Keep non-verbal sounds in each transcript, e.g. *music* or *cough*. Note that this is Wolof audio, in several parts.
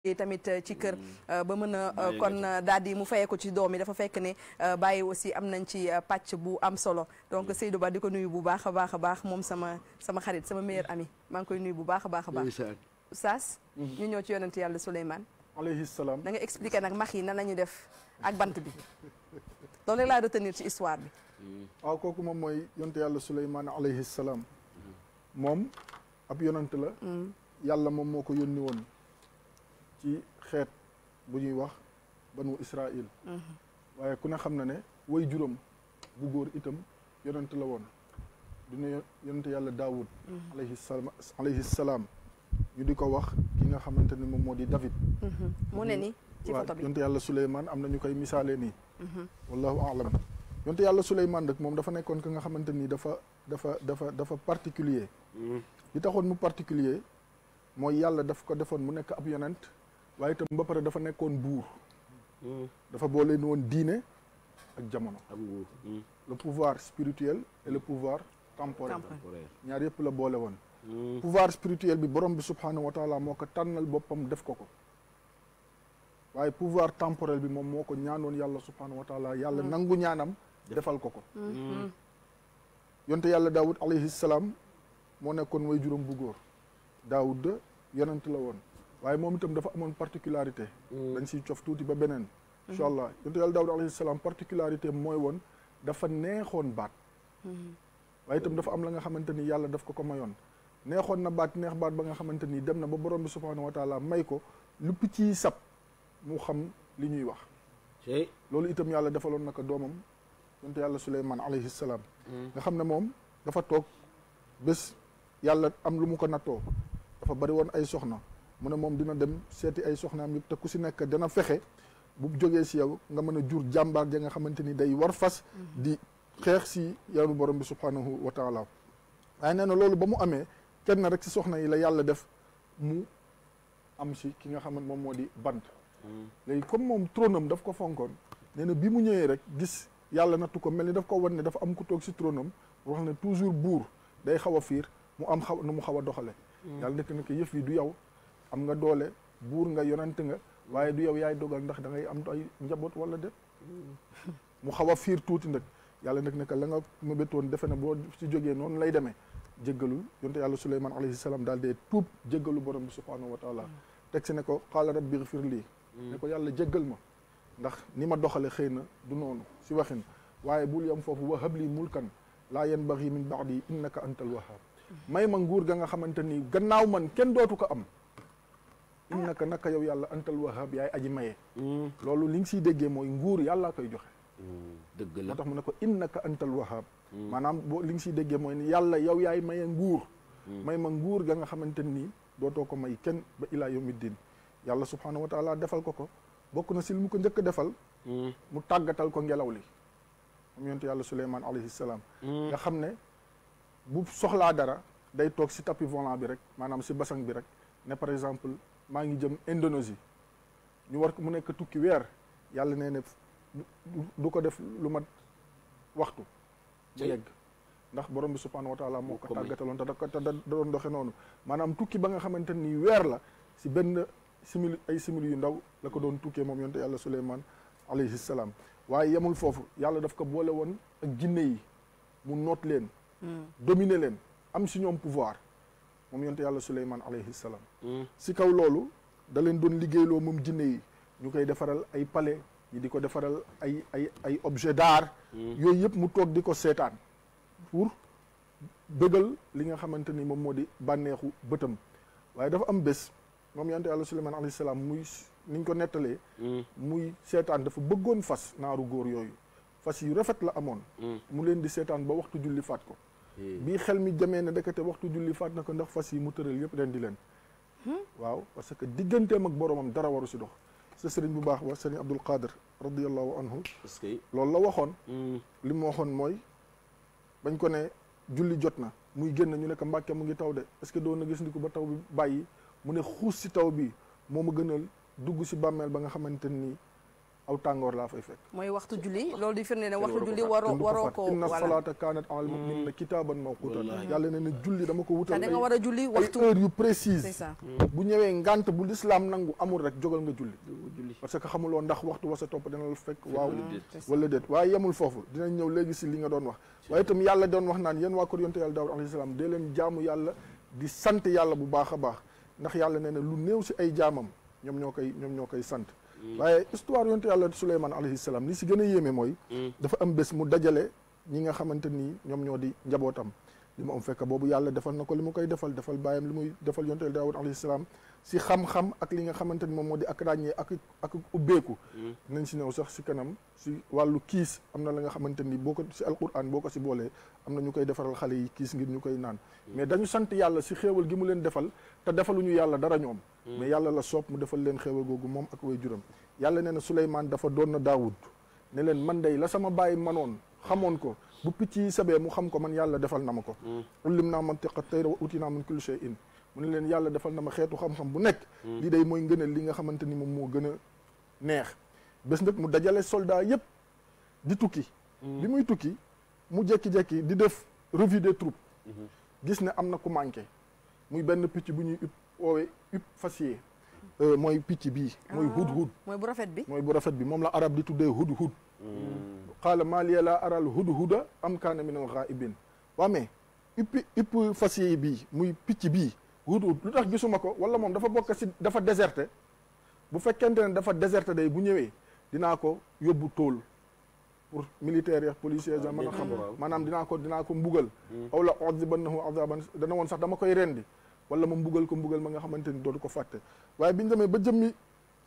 tamit euh, ci kër mm. euh, ba mën a euh, kon daal di mu fayee ko ci doom yi dafa fekk ne bàyyi aussi am nañ ci pàcc bu am solo donc mm. seydo Ba di ko nuyu bu baax a baax a baax moom sama sama xarit sama meilleur ami maa ngi koy nuyu bu baax a baax a baax Saas mm-hmm. ñu ñëw ci yonent yàlla Souleymane alayhi salaam da expliqué nag max yi nan la def ak bant bi loolu rek laa ci histoire bi mm. moom mooy yonent yàlla Souleymane alayhi salaam mm-hmm. moom ab yonent la yàlla moom moo ko yónni ci xeet bu ñuy wax banu Israil mhm. waaye ku ne xam na ne way juróom bu góor itam yonent la woon dina yonent yàlla daawud mhm. alayhi salaam alayhi salaam ñu di ko wax ki nga xamante ni moom moo di David mhm. mu ne ni ci photo bi yonent yàlla Suleymaan am na ñu koy misaalee nii wallahu alam yonent yàlla Suleymaan rek moom dafa nekkoon ki nga xamante ni dafa dafa dafa dafa particulier li taxoon mu particulier mooy yàlla daf ko defoon mu nekk ab yonent waaye itam ba pare dafa nekkoon buur hmm. dafa boole ni woon diine ak jamono hmm. le pouvoir spirituel et le pouvoir temporaire ñaar yëpp la boole woon hmm. pouvoir spirituel bi borom bi subhaanahu wa moo ko tànnal boppam def ko ko waaye pouvoir temporel bi moom moo ko ñaanoon yàlla subhaanahu wa yàlla nangu ñaanam defal ko ko yonte yàlla daawud alayhi salaam moo nekkoon way juróom bu góor daawud yonent la woon waaye moom itam dafa amoon particularité mm. dañ siy cof tuuti ba beneen incha allah mm-hmm. yonte yàlla daawud alayhi salaam particularité mooy woon dafa neexoon baat mm-hmm. waaye itam dafa am la nga xamante ni yàlla daf ko ko mayoon neexoon na baat neex baat ba nga xamante ni dem na ba borom bi subhaanahu wa taala may ko lu picc yi sab mu xam li ñuy wax loolu itam yàlla defaloon na ko doomam yonte yàlla suleyman alayhi salaam mm. nga xam ne moom dafa toog bés yàlla am lu mu ko nattoo dafa bari woon ay soxna mu ne moom dina dem seeti ay soxnaam yëpp te ku si nekk dana fexe bu jógee si yow nga mën a jur jàmbaar ja nga xamante ni day war fas mhm. di xeex si yoonu borom bi subhanahu wa taala waaye nee na loolu ba mu amee kenn rek si soxna yi la yàlla def mu am si ki nga xamante moom moo di bant mhm. léegi comme moom tronam daf ko fonkoon nee na bi mu ñëwee rek gis yàlla nattu ko mel ni daf ko wan ne dafa am ku toog si tronam wax ne toujours buur day xaw a fiir mu am xaw nu mu xaw a doxale mhm. yàlla na ko yëf du yow am nga doole buur nga yonant nga waaye du yow yaay dogal ndax dangay am ay njaboot wala déet *laughs* mu xaw a fiir tuuti nag yàlla nag naka la nga mébétoon defe na boo si jógee noonu lay demee jéggalu yonte yàlla suleyman alayhi salaam daal dee tuub jéggalu borom bi subhaanahu wa taala mm. teg si ne ko qaala rabbi ghfir lii mm. ne ko yàlla jéggal ma ndax ni ma doxale xëy na du noonu si waxin waaye bul yam foofu wahab lii mulkan laa yanbaghi min ba'di innaka antal wahhab mm. may ma nguur ga nga xamante ni gannaaw man kenn dootu ko am innaka naka yow yàlla antal wahab yaay aji maye. Hmm. loolu li nga siy déggee mooy nguur yàllaa koy joxe. Hmm. dëgg la tax mu ne ko innaka antal wahab. Hmm. maanaam boo li nga siy déggee mooy ni yàlla yow yaay maye nguur. may ma nguur ga nga xamante nii dootoo ko may kenn ba ilaa yawmi diin yàlla subhaanahu wa taala defal ko ko bokk na si lu mu ko njëkk defal. mu tàggatal ko ngelaw li. am yonent yàlla Suleymaan alayhi salaam. nga xam ne bu soxlaa dara day toog si tapis volant bi rek maanaam si basang bi rek maa ngi jëm Indonésie ñu war ko mu nekk tukki weer yàlla nee na du ko def lu mat waxtu mu yegg ndax borom bi subhaanahu wa taala moo ko tàggataloon te da ko te da doon doxe noonu maanaam tukki ba nga xamante ni weer la si benn simili ay simili yu ndaw la ko doon tukkee moom yonte yàlla Suleymaan alayhi salaam waaye yemul foofu yàlla daf ko boole woon ak jinne yi mu noot leen hmm. domine leen am si ñoom pouvoir moom yonte yàlla Suleymaan alayhi salaam. Hmm. si kaw loolu da leen doon liggéeyloo moom jinne yi ñu koy defaral ay pale ñi di ko defaral ay ay ay objet daar hmm. yooyu yëpp mu toog di ko seetaan pour bëggal li nga xamante ni moom moo di bànneexu bëtam waaye dafa am bés moom yonte yàlla Suleymaan alayhi salaam muy ni ñu ko nettalee hmm. muy seetaan dafa bëggoon fas naaru góor yooyu fas yu rafet la amoon mu leen di seetaan ba waxtu julli faat ko Hmm. bii xel mi jamee na ndekete waxtu julli faat na ko ndax fas yi mu tëral yëpp leen di hmm? leen waaw parce que digganteem ak boromam dara waru si dox sa sëriñ bu baax ba sëriñ Abdul Qadir radiallahu anhu loolu la waxoon hmm. li mu waxoon mooy bañ ko ne julli jot na muy génn ñu nekk ko mu ngi taw de est-ce que doon na gis ndiku ba taw bi bàyyi mu ne xuus si taw bi moo ma gënal dugg si bàmmeel ba nga xamante nii aw tàngoor laa fay fekk mooy waxtu julli loolu di firnde ne waxtu julli waroo waroo ko inna salaata kaanat alal mu'miniina mm. kitaaban mawquutan yàlla ne julli dama ko wutal da nga mm. parce que xamuloo ndax waxtu wasa topp dina la fekk waaw wala déet waaye yemul foofu dinañ ñëw léegi si li nga doon wax waaye tam yàlla doon wax naan yéen waa kër yonte yàlla daawud alayhi salaam dee leen jaamu yàlla di sant yàlla bu baax a baax ndax yàlla ne ne lu néew si ay jaamam ñoom ñoo koy ñoom ñoo koy sant waaye histoire yontu yàlla Souleymane alayhi salaam li si gën a yéeme mooy. Mm. dafa am bés mu dajale ñi nga xamante ni ñoom ñoo di njabootam. li mu am fekk boobu yàlla defal na ko li mu koy defal defal baayam li muy defal yontu yàlla Daawud alayhi si xam-xam ak li nga xamante ni moom moo di ak ràññee ak ak ubbeeku. Mm-hmm. nañ si new sax si kanam si wàllu kiis am na la nga xamante ni boo ko si alquran boo ko si boolee am na ñu koy defaral xale yi kiis ngir ñu koy naan. Mm-hmm. mais dañu sant yàlla si xéewal gi mu leen defal te ñu yàlla dara ñoom. Mm-hmm. mais yàlla la soob mu defal leen xéewal googu moom ak way juram yàlla nee na Souleymane dafa doon na daawut ne leen man day la sama bàyyi manoon xamoon ko bu picc yi sabee mu xam ko man yàlla defal na ma ko. ullim naa mantiqa tayra wa uti naa min kulli mu ne leen yàlla defal na ma xeetu xam-xam bu nekk hmm. lii day mooy ngëneel li nga xamante ni moom moo gëna neex bes nag mu dajale soldat yëpp di tukki hmm. bi muy tukki mu jekki-jekki di def revue des troupes hmm. gis ne am na ku manqué muy benn picc bu ñuy upp woowe upp fasiye euh, mooy picc bi mooy ah, hudhud mooy bu rafet bi mooy bu rafet bi moom la arab di tuddee hudhud qaala maa la laa aral hudhuda am kaana min al ghaa'ibin waa mais upp upp fasiye bii muy picc bii wut wut lu tax gisuma ko wala moom dafa bokk si dafa déserté bu fekkente ne dafa déserté day bu ñëwee dinaa ko yóbbu tool pour militaires ya policiers ya mën a xam maanaam dinaa ko dinaa ko mbugal hmm. aw la u'adhibannahu adhaban dana woon sax dama koy rendi wala ma mbugal ko mbugal ma nga xamante ni dootu ko fàtte waaye bi ñu demee ba jëmmi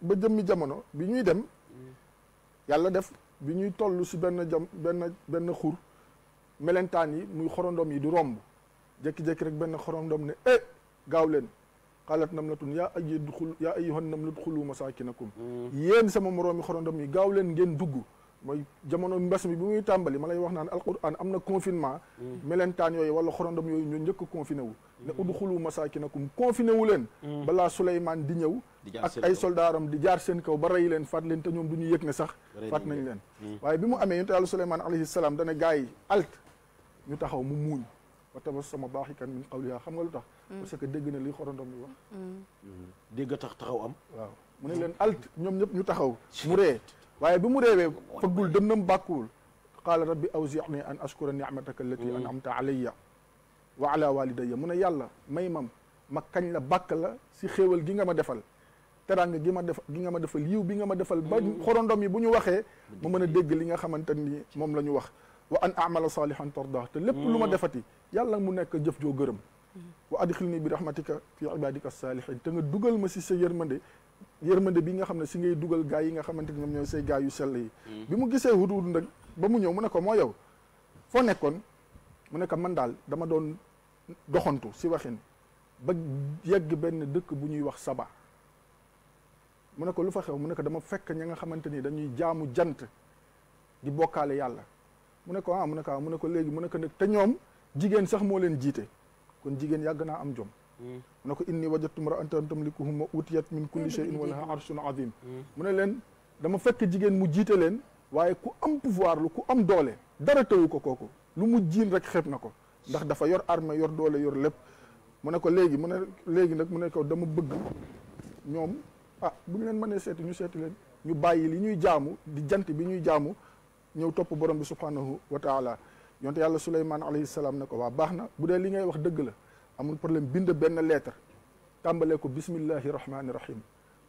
ba jëmmi jamono bi ñuy dem hmm. yàlla def bi ñuy toll si benn jam benn benn xur melentaan yi muy xorondoom yi di romb jékki-jékki rek benn xorondom ne eh! gaaw leen xaalat namlatun yaa ay duxul yaa nam ayyuhan namlu duxulu masaakinakum mm. yéen sama moroomi xorondom yi gaaw leen ngeen dugg mooy jamono mbas mi bi muy tàmbali ma lay wax naan alquran am na confinement mm. melentaan yooyu wala xorondom yooyu ñoo njëkk a confiné wu ne mm. udxulu masaakinakum confiné wu leen balaa Souleymane di ñëw ak ay soldaaram di jaar seen kaw ba rey leen faat leen te ñoom du ñu yëg ne sax faat nañ leen waaye bi mu amee yonent yàlla Souleymane alayhi salaam dana gars yi alt ñu taxaw mu muuñ wa tabassama daaxikan min qawlihaa xam nga lu tax mm. parce que dégg na li xorondom bi wax mm. mm-hmm. dégg tax taxaw am waaw mu ne leen alt ñoom ñëpp ñu taxaw mu ree waaye bi mu reewee fëggul dënnam bàkkuwul qaala rabbi awzi'ni an ashkura ni'mataka allati mm. an'amta alayya wa ala walidayya mu ne yàlla may mam ma kañ la bàkk la si xéewal gi nga ma defal teranga gi ma def gi nga ma defal yiw bi nga ma defal ba xorondom yi bu ñu waxee ma mën a dégg li nga xamante ni moom la ñu wax wa an amala salihan tardah te lépp lu ma mm. defati yàlla mu nekk jëf joo gërëm wa adxilni bi rahmatika fi ibadika salihin te nga dugal ma si sa yërmande yërmande bi nga xam ne si ngay dugal gaay yi nga xamante ne ñoom ñooy say yu sell yi mm. bi mu gisee hud hud nag ba mu ñëw mu ne ko moo yow foo nekkoon mu ne ko man daal dama doon doxantu si waxin ba yegg benn dëkk bu ñuy wax saba mu ne ko lu fa xew mu nekk dama fekk ña nga xamante ni dañuy jaamu jant di bokkaale yàlla mu ne ko ah mu ne ko ah, mu ne ko léegi mu ne ko nag te ñoom jigéen sax moo leen jiite kon jigéen yàgg naa am jom hmm. mu ne ko inni wajadtu imra'atan tamlikuhum wa utiyat min kulli shay'in wa laha arshun azim hmm. mu ne leen dama fekk jigéen mu jiite leen waaye ku am pouvoir lu ku am doole dara tawu ko kooku lu mu jiin rek xeeb na ko ndax dafa yor armée yor doole yor lépp mu ne ko léegi mu ne léegi nag mu ne ko dama bëgg ñoom ah bu ñu leen mënee seeti ñu seeti leen ñu bàyyi li ñuy jaamu di jant bi ñuy jaamu ñëw topp borom bi subhanahu wa taala yonte yàlla suleymaan alayhi salaam ne ko waa baax na bu dee li ngay wax dëgg la amul problème bind benn lettre tàmbalee ko bismillahi rahmaani rahim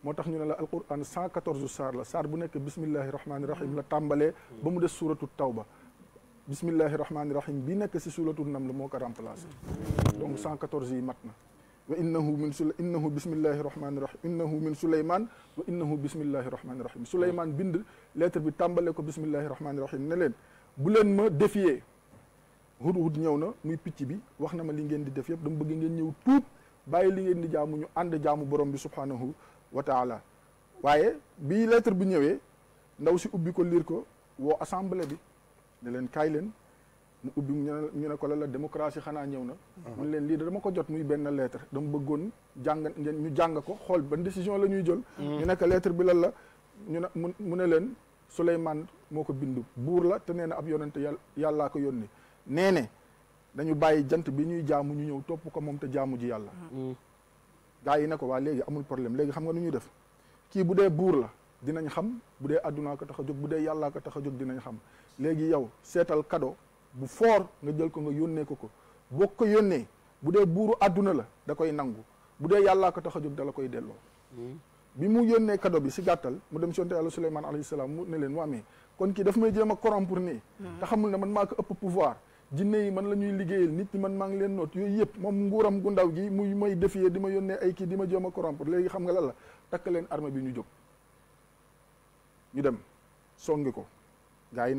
moo tax ñu ne la alquran 114 saar la saar bu nekk bismillahi rahmaani rahim la tàmbalee ba mu des suuratu tawba bismillahi rahmaani rahim bi nekk si suuratu nam la moo ko remplacé donc 114 yi mat na wa innahu min sula innahu bismillahi rahmani rahim innahu min suleyman wa innahu bismillahi rahmani rahim suleyman bind lettre bi tàmbale ko bismillahi rahmani rahim ne leen bu leen ma défier hudhud ñëw na muy picc bi wax na ma li ngeen di def yëpp dam bëgg ngeen ñëw tuub bàyyi li ngeen di jaamu ñu ànd jaamu borom bi subhanahu wa taala waaye bi lettre bi ñëwee ndaw si ubbi ko liir ko woo assemblée bi ne leen kaay leen mu ubbi ñu ñu ne ko la la démocratie xanaa ñëw na mun leen lii dama ko jot muy benn lettre dama bëggoon jàng ngeen ñu jàng ko xool ban décision la ñuy jël mm. ñu nekk lettre bi lan la ñu ne mu ne leen Souleymane moo ko bindu buur la te nee na ab yonente yàllaa ko yónni nee ne dañu bàyyi jant bi ñuy jaamu ñu ñëw topp ko moom te jaamu ji yàlla mm. Mm. gaa yi ne ko waa léegi amul problème léegi xam nga nu ñuy def kii bu dee buur la dinañ xam bu dee àddunaa ko tax a jóg bu dee yàllaa ko tax a jóg dinañ xam léegi yow seetal kado bu foor nga jël ko nga yónnee ko ko boo ko yónnee bu dee buuru àdduna la da koy nangu bu dee yàllaa ko tax a jóg da la koy delloo hmm. bi mu yónnee cadeau bi si gàttal mu dem si yonte yàlla Suleymaan alayhi salaam mu ne leen waa mais kon kii daf may jéem a corrompre hmm. xamul ne man maa ko ëpp jinne yi man la ñuy liggéeyal nit ñi man maa ngi leen noot yooyu yëpp moom nguuram gu ndaw gi muy may défier di ma yónnee ay kii di ma jéem a corrompre léegi xam nga lan la takk leen armée bi ñu jóg ñu ko gars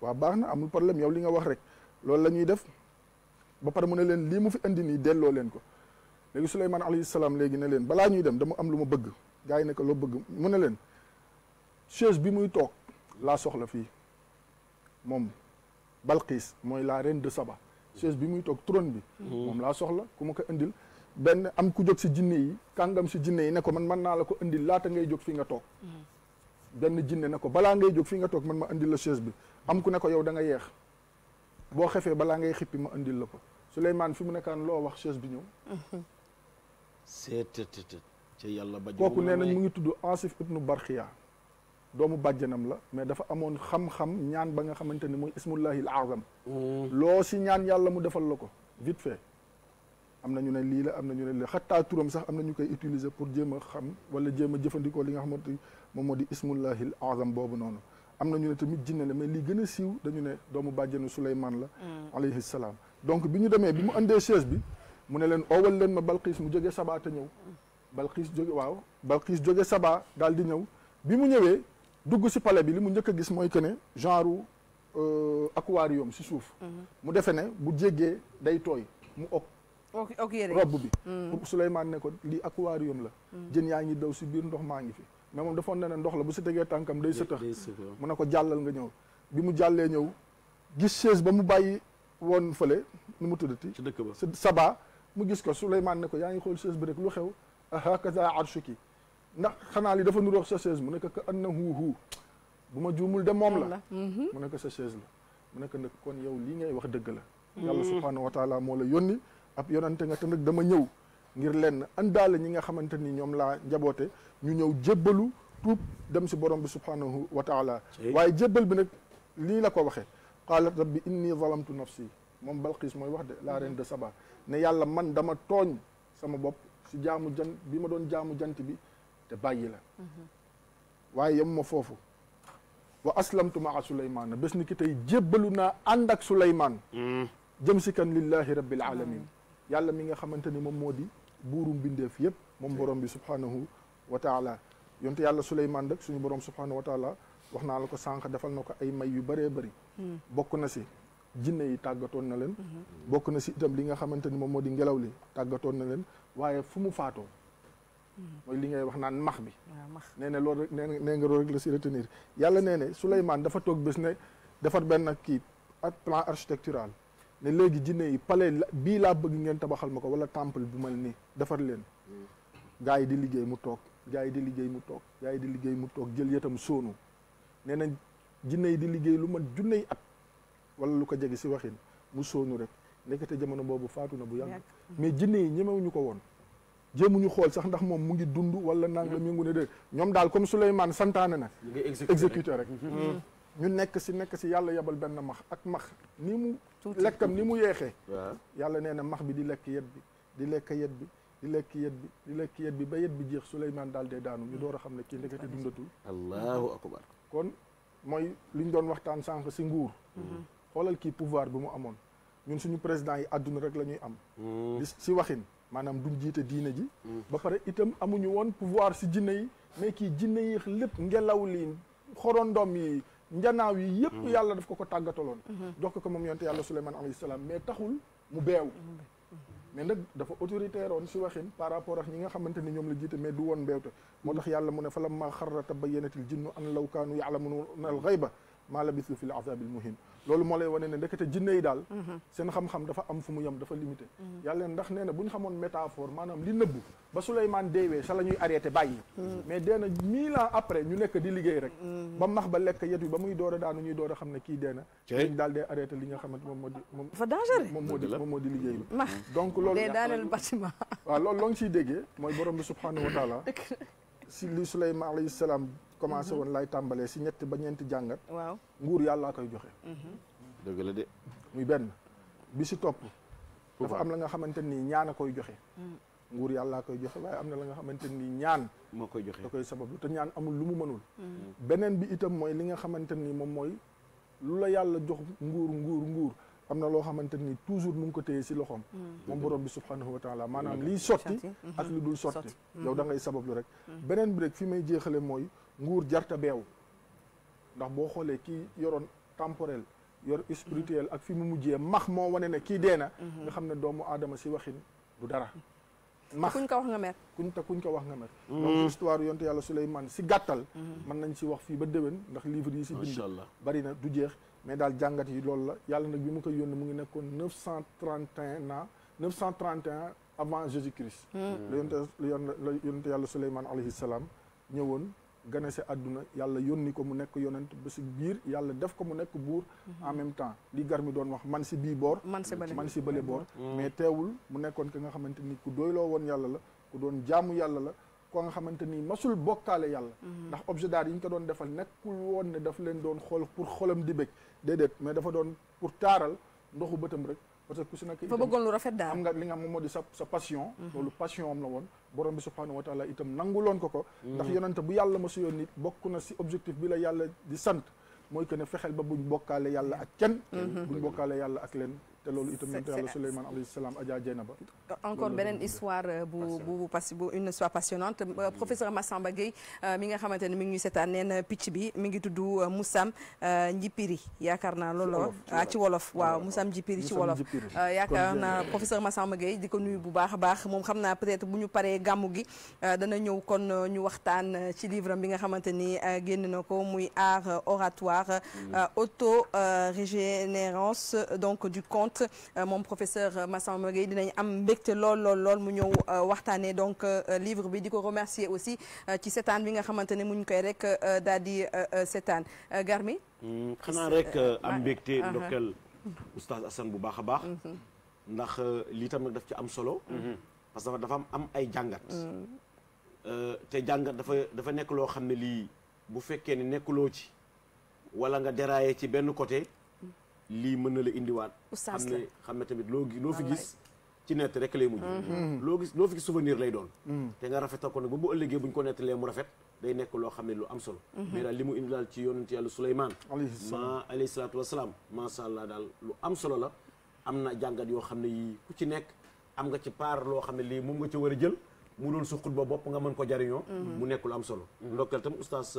waaw baax na amul problème yow li nga wax rek loolu la ñuy def ba pare mu ne leen lii mu fi indi nii delloo leen ko léegi Souleymane alayhi salaam léegi ne leen balaa ñuy dem dama am lu ma bëgg gars yi ne ko loo bëgg mu ne leen chaise bi muy toog laa soxla fii moom Balqis mooy la reine de Saba chaise bi muy toog trone bi mhm. moom laa soxla ku ma ko indil benn am ku jóg si jinne yi kàngam si jinne yi ne ko man mën naa la ko indil laata ngay jóg fii nga toog mhm. benn jinne ne ko balaa ngay jóg fi nga toog man ma indil la chaise bi am ku ne ko yow da nga yeex boo xefee balaa ngay xippi ma indil la ko Souleymane fi mu nekkaan loo wax chaise bi ñëw. seet ci yàlla bajj kooku nee nañ mu ngi tudd Ansif nu Barxiya doomu bàjjanam la mais dafa amoon xam-xam ñaan ba nga xamante ne mooy ismullahi al azam hmm. loo si ñaan yàlla mu defal la ko vite fait am na ñu ne lii la am na ñu ne lii xattaa turam sax am na ñu koy utiliser pour jéem a xam wala jéem a jëfandikoo li nga xamante moom moo di ismullahi al azam boobu noonu am na ñu ne tamit jinne la mais li gën a siiw dañu ne doomu bàjjenu Souleymane la mm. alayhi salaam donc bi ñu demee bi mu andee chaise bi mu ne leen oowal leen ma Balxiis mu jógee Saba te ñëw Balxiis jóge waaw Balxiis jóge Saba daal di ñëw bi mu ñëwee dugg si palais bi li mu njëkk a gis mooy que ne genre euh, aquarium si suuf mm-hmm. mu defe ne bu jéggee day tooy mu ok ok robb bi mm. pour Souleymane ne ko lii aquarium la mm. jën yaa ngi daw si biir ndox maa ngi fi mais moom defoon na ne ndox la bu si tegee tànkam day sëtax mu ne ko jàllal nga ñëw bi mu jàllee ñëw gis chaise ba mu bàyyi woon fële nu mu tuddati ci dëkk ba Saba mu gis ko Souleymane ne ko yaa ngi xool chaise bi rek lu xew a ah, hakaza arshuki ndax xanaa li dafa nuroog sa chaise mu ne ko ka annahu hu bu ma juumul de moom la mhm. mu ne sa chaise la mu nekk ko kon yow lii ngay wax dëgg la mhm. yàlla subhaanahu wa taala moo la yónni ab yonante nga te nag dama ñëw ngir lenn àndaale ñi nga xamante ni ñoom laa njaboote ñu ñëw jébbalu tuub dem si borom bi subhanahu wa taala waaye jébbal bi nag lii la ko waxee qaalat rabbi inni zalamtu nafsi moom balqiis mooy wax la reine de Saba ne yàlla man dama tooñ sama bopp si jaamu jant bi ma doon jaamu jant bi te bàyyi la mhm. waaye yem ma foofu wa aslamtu maa suleymaana bés ni ki tey jébbalu naa ànd suleymaan mm. jëm si kan lillahi rabbil yàlla mi nga xamante ni moom moo di buuru mbindeef yëpp moom boroom bi subhaanahu wa taala yonte yàlla Suleymaan rek suñu borom subhaanahu wa taala wax naa la ko sànq defal na ko ay may yu baree bëri hmm. bokk na si jinne yi tàggatoon na leen hmm. bokk na si itam li nga xamante ni moom moo di ngelaw li tàggatoon na leen waaye fu mu faatoo hmm. mooy li ngay wax naan max bi nee ne loolu rek nee nga loolu rek la si retenir yàlla nee ne Suleymaan dafa toog bis ne defar benn kii plan architectural ne léegi jinne yi palais bii laa bëgg ngeen tabaxal ma ko wala temple bu mel nii defar leen hmm. gaa yi di liggéey mu toog gaa yi di liggéey mu toog gars yi di liggéey mu toog jël yetam soonu nee na jinne yi di liggéey lu man junne yi at wala lu ko jege si waxin mu sóonu rek nekkate jamono boobu faatu na bu yàgg hmm. mais jinne yi ñemewuñu ko woon ñu xool sax ndax moom mu ngi dund wala nang la mu ngi ne de ñoom daal comme Souleymane santaane na exécuté rek hmm. ñu nekk si nekk si yàlla yebal benn max ak max ni mu lekkam ni mu yeexee yàlla nee na max bi di lekk yet bi di lekk yet bi di lekk yet bi di lekk yet bi ba yet bi jeex Souleymane daal dee daanu ñu door a xam ne kii ndekete dundatul allahu akbar kon mooy li ñu doon waxtaan sànq si nguur mhm. xoolal kii pouvoir bi mu amoon ñun suñu président yi àdduna rek la ñuy am mhm. si waxin maanaam duñ jiite diine ji mhm. ba pare itam amuñu woon pouvoir si jinne yi mais kii jinne yi lépp ngelaw li xorondom yi njanaaw yi yëpp mm-hmm. yàlla def ko ko tàggataloon mm-hmm. jox ko ko moom yonte yàlla Suleymaan alayhi salaam mais taxul mu beew mm-hmm. mais nag dafa autoritaire woon si waxin par rapport ak ñi nga xamante ni ñoom la jiite mais du woon mbeewte moo tax yàlla mu ne fa lamma xarra tabayyanatil jinnu an law kaanu ya'lamuuna al-ghayba maa labisu fil azaabil muhiin loolu moo lay wane ne ndekete jinne yi daal mhm. seen xam-xam dafa am fu mu yem dafa limité mhm. yàlla ne ndax nee na bu ñu xamoon métaphore maanaam li nëbbu ba Souleymane deewee sa la ñuy bàyyi mhm. mais dee na mille ans après ñu nekk di liggéey rek ba max ba lekk yet wi ba muy door a daanu ñuy door a xam ne kii dee na dañ daal dee arrêté li nga xamante moom moo di moom dafa dangereux moom moo di moom moo di liggéey bi donc loolu dee daaneel bâtiment waaw loolu loo ngi ciy déggee mooy borom bi *laughs* commencé woon lay tàmbalee si ñetti ba ñeenti jàngat. waaw nguur yàllaa koy joxe. Mhm. dëgg la muy benn bi si topp. dafa am la nga xamante ni ñaan a koy joxe. Mm. nguur yàllaa koy joxe waaye am na la nga xamante ni ñaan. moo koy joxe da koy sabablu te ñaan amul lu mu mënul. Mm. beneen bi itam mooy li nga xamante ni moom mooy lu la yàlla jox nguur nguur nguur. am na loo xamante ni toujours mu ngi ko téye si loxoom. Mm. moom borom bi subhanahu wa maanaam liy sotti. ak li dul sotti. yow da ngay sabablu rek. beneen bi rek fi may jeexale mooy nguur jarta beew ndax boo xoolee kii yoroon temporel yor spirituel ak fi mu mujjee max moo wane ne kii dee na mhm. nga xam ne doomu aadama si waxin du dara max kuñ ko wax nga mer kuñ te kuñ ko wax nga mer mhm. donc histoire yonte yàlla Souleymane si gàttal mhm. mën nañ si wax fii ba déwén ndax livre yi si bind bari na du jeex mais daal jàngat yi loolu la yàlla nag bi mu koy yónni mu ngi nekkoon neuf cent trente et un ans neuf cent trente et un avant Jésus-Christ la yonte la yonte salaam ñëwoon gane si àdduna yàlla yónni ko mu nekk yonent ba si biir yàlla def ko mu nekk buur mhm. en même temps li gar mi doon wax man si bii man si bële boor mhm. mm. mais teewul mu nekkoon ki nga xamante ku doyloo woon yàlla la ku doon jaamu yàlla la ko nga xamante ni masul bokkaale yàlla mhm. ndax objet d'art yi ñu ko doon defal nekkul woon ne daf leen doon xool pour xolam di bëgg déedéet mais dafa doon pour taaral ndoxu bëtam rek parce que ku si nekk itam fa bëggoon lu rafet daal am nga li nga moom moo di sa sa passion mhm. loolu passion am la woon borom bi subhaanahu wa taala itam nanguloon ko ko mhm. ndax yonente bu yàlla ma su yoon nit bokk na si objectif bi la yàlla di sant mooy que ne fexeel ba buñ bokkaale yàlla ak kenn mhm. buñ bokkaale yàlla ak leen te loolu itam yonent yàlla Suleymaan alayhi salaam Adja Dieynaba encore beneen histoire euh, bu bu bu une histoire passionnante euh, mm. professeur Massamba Gueye euh, mi nga xamante ne mi ngi ñuy seetaan nee na picc bi mi ngi tudd Moussam Njipiri yaakaar naa loolu la ci wolof ah, waaw Moussam Njipiri ci wolof yaakaar naa professeur Massamba Gueye di ko nuyu bu baax a baax moom xam naa peut bu ñu paree gàmmu gi dana ñëw kon ñu waxtaan ci livre am nga xamante ni génn na ko muy art oratoire mm. auto régénérance donc du conte Euh, moom professeur Massamba Gueye dinañ am mbégte lool lool lool mu ñëw euh, waxtaanee donc euh, livre bi di ko remercier aussi ci seetaan bi nga xamante ne muñ koy rek daal di seetaan Garmi. Hmm, xanaa rek am mbégte uh-huh. ndokkeel oustaz Assane bu baax a baax. Mm-hmm. ndax lii tamit daf ci am solo. Mm-hmm. parce que dafa am ay jàngat. Mm. te jàngat dafa dafa nekk loo xam ne lii bu fekkee ne nekkuloo ci wala nga déraillé ci benn côté. lii mën na la indiwaat. oustaz la xam ne xam ne tamit loo loo fi gis. ci nett rek lay mujj. Mhm. Mhm. loo gis loo fi gis souvenir lay doon. Mhm. te nga rafetal ko nag ba bu ëllëgee buñ ko nettalee mu rafet. day nekk loo xam ne lu am solo. mais li mu indi daal ci yonent yàlla Souleymane. ma alayhi salaam macha allah daal lu am solo la. am na jàngat yoo xam ne yii ku ci nekk am nga ci paar loo xam ne lii moom nga ci war a jël mu doon suqut ba bopp nga man ko jariñoo mu nekk lu am solo. ndokkal tam oustaz.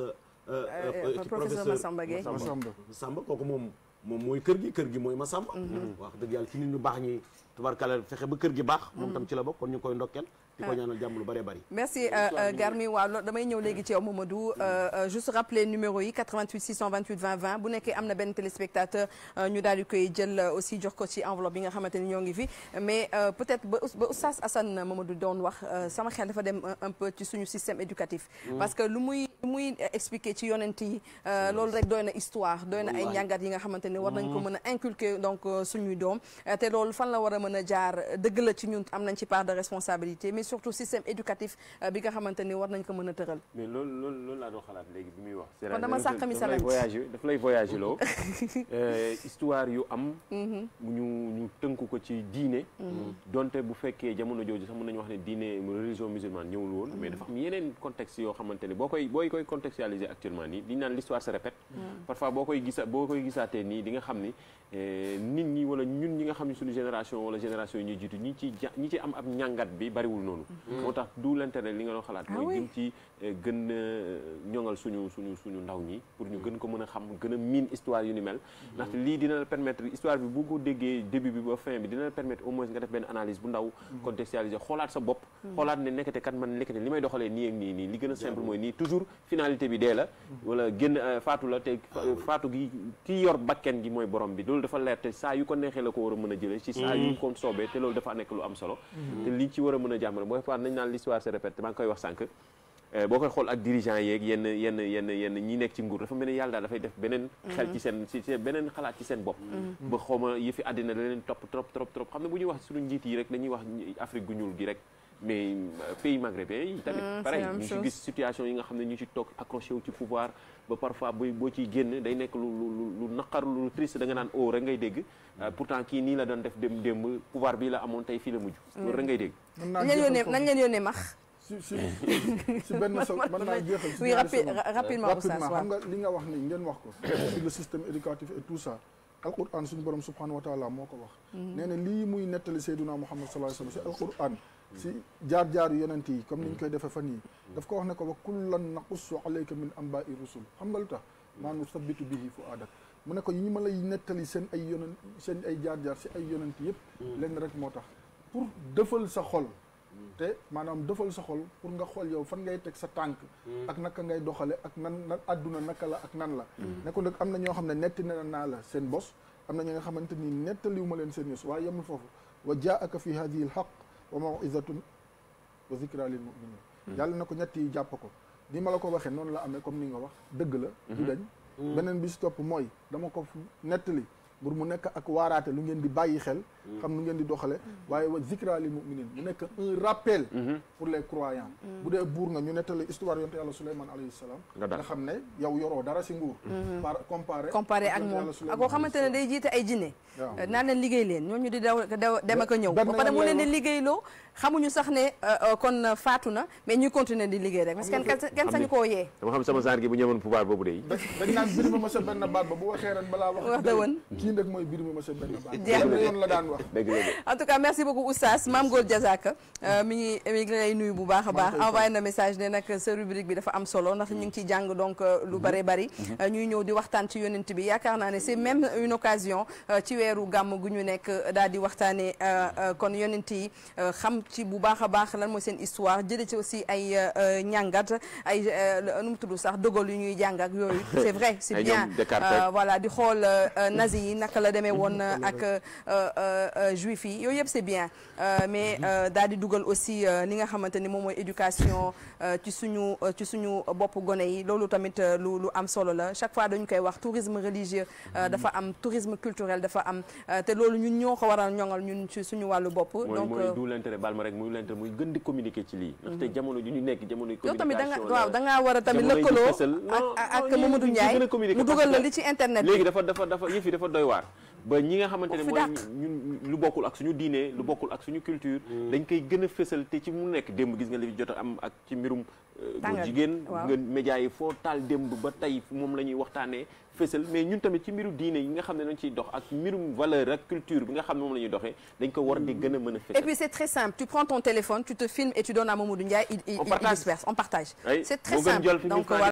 Euh, euh, euh, professeur Massamba Gueye Massamba kooku moom. moom mooy kër gi kër gi mooy Masamba. Mhm. wax dëgg yàlla ci nit ñu baax ñi tubarkalla fexe ba kër gi baax. moom tam ci la bokk kon ñu koy ndokkel di ko ah. ñaanal jàmm lu bëree euh, euh, léegi ci yow Mamadou euh, juste numéro yi 88 628 20 20 bu nekkee am na benn téléspectateur ñu daal di koy jël aussi jox ko ci enveloppe yi nga xamante ni ñoo ngi fi mais peut-être ba ba Oustaz Assane doon wax sama xel dafa dem un peu ci suñu système éducatif mm. que lu muy lu muy expliquer ci yonent yi mm. loolu rek doy na histoire doy na ay njàngat yi nga xamante ni war nañ ko mm. mën a inculquer donc suñuy doom te loolu fan la war a mën a jaar dëgg la ci ñun am nañ ci part de responsabilité surtout système éducatif euh, bi nga xamante ni war nañ ko mën a tëral. mais loolu loolu loolu laa doon xalaat léegi bi muy wax. kon dama sànq mi salaam daf lay voyagé loo *laughs* euh, histoire yu am. Mhm. ñu ñu tënku ko ci diine. Mhm. donte bu fekkee jamono jooju sax mën nañu wax ne diine religion musulmane ñëwul woon. Mhm. mais dafa am yeneen contexte yoo xamante boo koy booy koy contextualiser actuellement nii di naan l'histoire se répète. parfois boo koy boo koy gisaatee nii di nga xam ni Euh, nit ñi wala ñun ñi nga xam ne suñu génération wala génération yi ñuy jiitu ñi ci ñi ci am ab ñàngat bi bariwul noonu mm-hmm. moo tax du l'intérêt li nga doon xalaat ah mooy jëm ci Eh, gën a eh, ñoŋal suñu suñu suñu ndaw ñi pour ñu gën ko mën a xam gën a miin histoire yu ni mel ndaxte lii dina la permettre histoire bi bu ko déggee début bi ba fin bi dina la permettre au moins nga def benn analyse bu ndaw contextualiser xoolaat sa bopp xoolaat ne nekkate kat man nekkate li may doxalee nii ak nii nii li gën a simple mooy nii toujours finalité bi dee la wala génn euh, faatu la te euh, faatu gi kii yor bakken gi mooy borom bi loolu dafa leer te saa yu ko neexee la ko war a mën a jëlee ci solo mm-hmm. te li ci war a koy wax sànq Euh, boo koy xool ak dirigeant yeeg yenn yenn yenn yenn ñi nekk ci nguur dafa mel ni yàlla daal dafay def beneen xel ci mhm. seen ci seen beneen xalaat ci seen bopp mhm. ba xawma yi fi àddina la leen topp trop trop xam ne bu ñuy wax suñu njiit yi rek dañuy wax Afrique gu ñuul gi rek mais euh, pays maghrébin yi tamit mhm, pareil ñu gis situation yi nga xam ne ñu ci toog accroché wu ci pouvoir ba parfois bu boo ciy génn day nekk lu lu lu naqar lu triste da nga naan oo oh, rek ngay dégg euh, pourtant kii nii la doon def démb démb pouvoir bii la amoon tey fii la mujj loolu rek ngay si si si benn sa *laughs* mën naa jeexal. si rapidement nga wax ngeen wax ko. sur *coughs* le système éducatif moo ko wax. Mhm. nee na muy nettali Seydina Muhammad sallallahu alayhi wa sallam si alquran. si jaar yi comme ni ñu koy defee fan yii. daf ko wax ne ko wa kullan naqussu alayka min anba'i rusul xam nga lu tax. maa nusabbitu bihi ko ñu ma lay nettali seen ay yonent seen ay jaar-jaar si ay yëpp. Mm. lenn rek moo tax pour defal sa xol. te maanaam defal sa xol pour nga xool yow fan ngay teg sa tànk mm. ak naka ngay doxale ak nan nan àdduna naka la ak nan la mm. ne ko am na ñoo xam ne netti na naa la seen bos am na ñi nga xamante ni nettaliw ma leen seen yos waaye yemul foofu wa aka fi hadihi al haq wa mawizatun wa zikra lil muminin mm. yàlla na ko ñetti yi jàpp ko ni ma la ko waxee noonu la amee comme ni nga wax dëgg la du mm-hmm. dañ beneen bi topp mooy dama ko nettali pour mu nekk ak waaraate lu ngeen di bàyyi xel mm. xam nu ngeen di doxale mm. waaye wa zikra lil muminin mu nekk un rappel mm-hmm. pour les croyants mm. bu dee buur na ñu nettali histoire yonte yàlla Suleyman alayhi salaam nga xam ne yow yoroo dara si nguur mm-hmm. par comparé comparé ak moom ak koo xamante ne day jiite ay jinne naan leen liggéey leen ñooñu di daw daw dem ak a ñëw ba pare mu leen di liggéeyloo xamuñu sax ne euh, euh, kon euh, faatu na mais ñuy continuer di liggéey rek parce que kenn sañu koo yee dama xam sama genre gi bu ñëwoon pouvoir boobu de dañ naan birima monsieur ba bu waxee ren balaa wax dëwën kii nag mooy birima monsieur na yoon la daan wax en tout cas merci beaucoup oustaz Mame Gor Diazaka mi ngi mi ngi lay nuyu bu baax a baax envoyé na message ne nag sa rubrique bi dafa am solo ndax ñu ngi jàng donc lu bare bari mhm. ñuy ñëw di waxtaan ci yonent bi yaakaar naa ne c'est même une occasion ci weeru gàmm gu ñu nekk daal di waxtaane kon yonent yi xam ci bu baax a baax lan mooy seen histoire jëlee ci aussi ay euh, euh, ñàngat ay euh, nu mu tudd sax dogal yu ñuy jàngat ak yooyu *laughs* c'est vrai c'est bien voilà di xool nazi yi naka la demee woon ak juif yi yooyu yëpp c'est bien mais mhm. daal di dugal aussi ni nga xamante ni moom mooy éducation ci suñu ci suñu bopp gone yi loolu tamit lu am solo la chaque fois dañu koy wax tourisme religieux mhm. dafa am tourisme culturel dafa am te loolu ñun ñoo ko waral ñoŋal ñun ci suñu wàllu bopp donc rek muy lente muy gën di communiquer ci lii ndaxte mhm. jamono ji ñu nekk jamono communication yow tamit da war a tamit lëkkaloo ak ak Mamadou Ndiaye mu dugal la li ci internet léegi dafa dafa dafa yëf yi dafa doy waar ba ñi nga xamante ne mooy ñun lu bokkul ak suñu diine lu bokkul ak suñu culture mm. dañ koy gën a fësal te ci mu nekk démb gis nga li jot am ak ci mbirum euh, góor jigéen nga média yi foo taal démb ba tey moom la ñuy waxtaanee fësal mais ñun tamit ci mbiru diine nga xam ne dañ ciy dox ak mbirum valeur ak culture bi nga xam ne moom la ñuy doxee gën a mën a fësal. et c'est très simple tu prends ton téléphone tu te filmes et tu donnes à Mamadou Ndiaye. il il, il disperse on partage. c'est très simple